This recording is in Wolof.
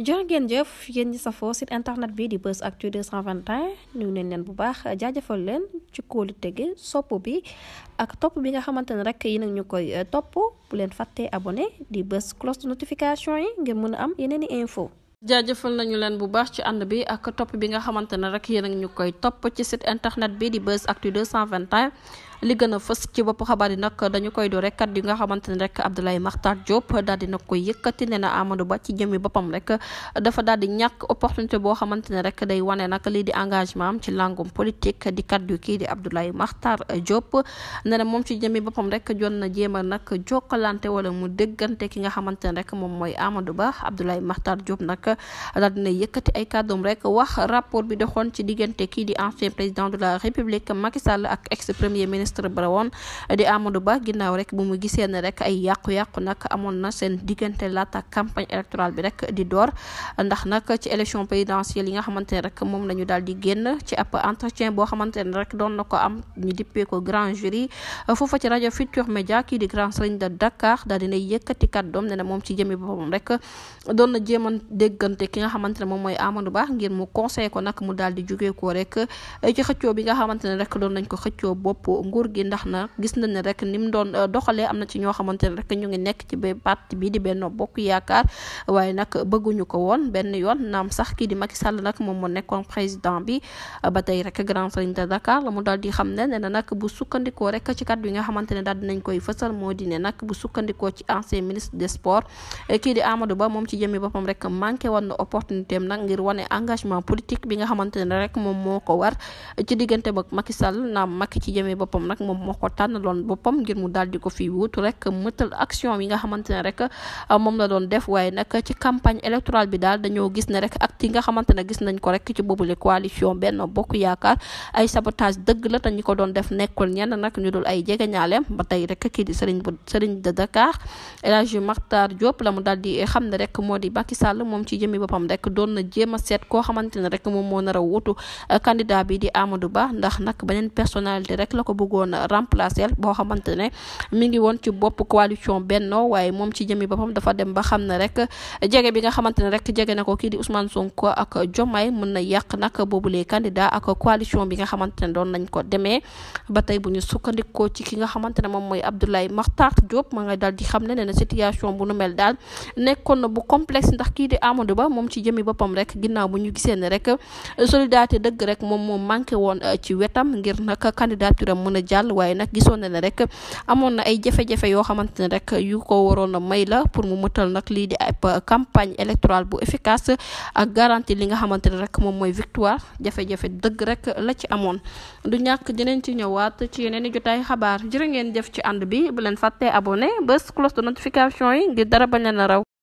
jërë ngeen jëf yéen ñi safoo site internet bi di Buzz Actu 221 ñu neen leen bu baax jaajëfal leen ci kóolu tege sopp bi ak topp bi nga xamante ne rek yi nag ñu koy eh, topp bu leen fàttee abone di bës cloche de notification yi ngeen mën a am yeneen i info jaajëfal nañu leen bu baax ci ànd bi ak topp bi nga xamante ne rek yéen a ñu koy topp ci site internet bi di bës Actu cent vingt 221 li gën a fës ci bopp xabaar yi nag dañu koy do rek kàddu yi nga xamante ne rek Abdoulaye Makhtar Diop daal di nag koy yëkkati ne na Amadou Ba ci jëmmi boppam rek dafa daal di ñàkk opportunité boo xamante ne rek day wane nag lii di engagement ci langum politique di kàddu kii di Abdoulaye Makhtar Diop ne na moom ci jëmmi boppam rek jot na jéem a nag jokkalante wala mu déggante ki nga xamante ne rek moom mooy Amadou Ba Abdoulaye Makhtar Diop nag daal dina yëkkati ay kàddoom rek wax rapport bi doxoon ci diggante kii di ancien président de la République Macky Sall ak ex premier ministre ministre ba woon di Amadou Ba ginnaaw rek mu gisee ne rek ay yàqu-yàqu nag amoon na seen diggante laata campagne électorale bi rek di door ndax nag ci élection présidentielle yi nga xamante ne rek moom la ñu di génn ci ab entretien boo xamante ne rek doon na ko am ñu dippee ko grand jury foofa ci rajo Futur Média kii di grand serigne de Dakar daal dina yëkkati kàddoom ne ne moom ci jëmi boppam rek doon na jéem a déggante ki nga xamante ne moom mooy Amadou Ba ngir mu conseil ko nag mu daal di jugee rek ci xëccoo bi nga xamante rek doon nañ ko xëccoo bopp nguur gi ndax na gis nañ ne rek euh, ne rek ñu ngi nekk ci ba parti bi di Benno Bokk Yaakaar waaye nag ko woon benn yoon naam sax kii di Macky Sall nag moom moo nekkoon président bi euh, ba tey rek Grand Serigne de Dakar mu daal di xam ne nee na nag bu sukkandikoo rek ci kàddu yi nga xamante ne daal dinañ koy fësal moo di ne nag bu sukkandikoo ci ancien ministre de sports euh, kii di Amadou Ba moom ci jëmmi boppam rek manqué woon na opportunité am nag ngir wane engagement politique bi nga xamante ne rek moom moo ko war ci diggante ba Macky Sall naam Macky ci jëmmi boppam nag moom moo ko tànnaloon boppam ngir mu daal di ko fi wuutu rek mëtal action yi nga xamante ne rek euh, moom la doon def waaye nag ci campagne électorale bi daal dañoo gis ne rek acte yi nga xamante ne gis nañ ko rek ci boobule coalition Benno Bokk Yaakaar ay sabotage dëgg la te ñi ko doon def nekkul ñenn nag ñu dul ay jegeñaaleem ba tey rek kii di Serigne Serigne de Dakar El Hadji Makhtar Diop la mu daal di xam ne rek moo di Macky moom ci jëmi boppam rek doon na jéem a a euh, bëggoon remplacer boo xamante ne mi ngi woon ci bopp coalition Benno waaye moom ci jëmi boppam dafa dem ba xam ne rek jege bi nga xamante ne rek jege na ko kii di Ousmane ak Diomaye mën na yàq nag boobulee candidat ak coalition bi nga xamante ne doon nañ ko demee ba tey bu ñu sukkandikoo ci ki nga xamante ne moom mooy Abdoulaye Makhtar Diop ma nga dal di xam ne ne situation bu nu mel daal nekkoon na bu complexe ndax kii di Amadou Ba moom ci jëmi boppam rek ginnaaw bu ñu gisee ne rek solidarité dëgg rek moom moo manqué jàll waaye nag gisoon na ne rek amoon na ay jafe-jafe yoo xamante ne rek yu ko waroon a may la pour mu mëtal nag lii di ab campagne électorale bu efficace ak garanti li nga xamante ne rek moom mooy victoire jafe-jafe dëgg rek la ci amoon du ñàkk dinañ ci ñëwaat ci yeneen i jotaay xabaar jërë ngeen jëf ci ànd bi bu leen fàttee abonné bés cloche de notification yi ngir dara bañ leen a raw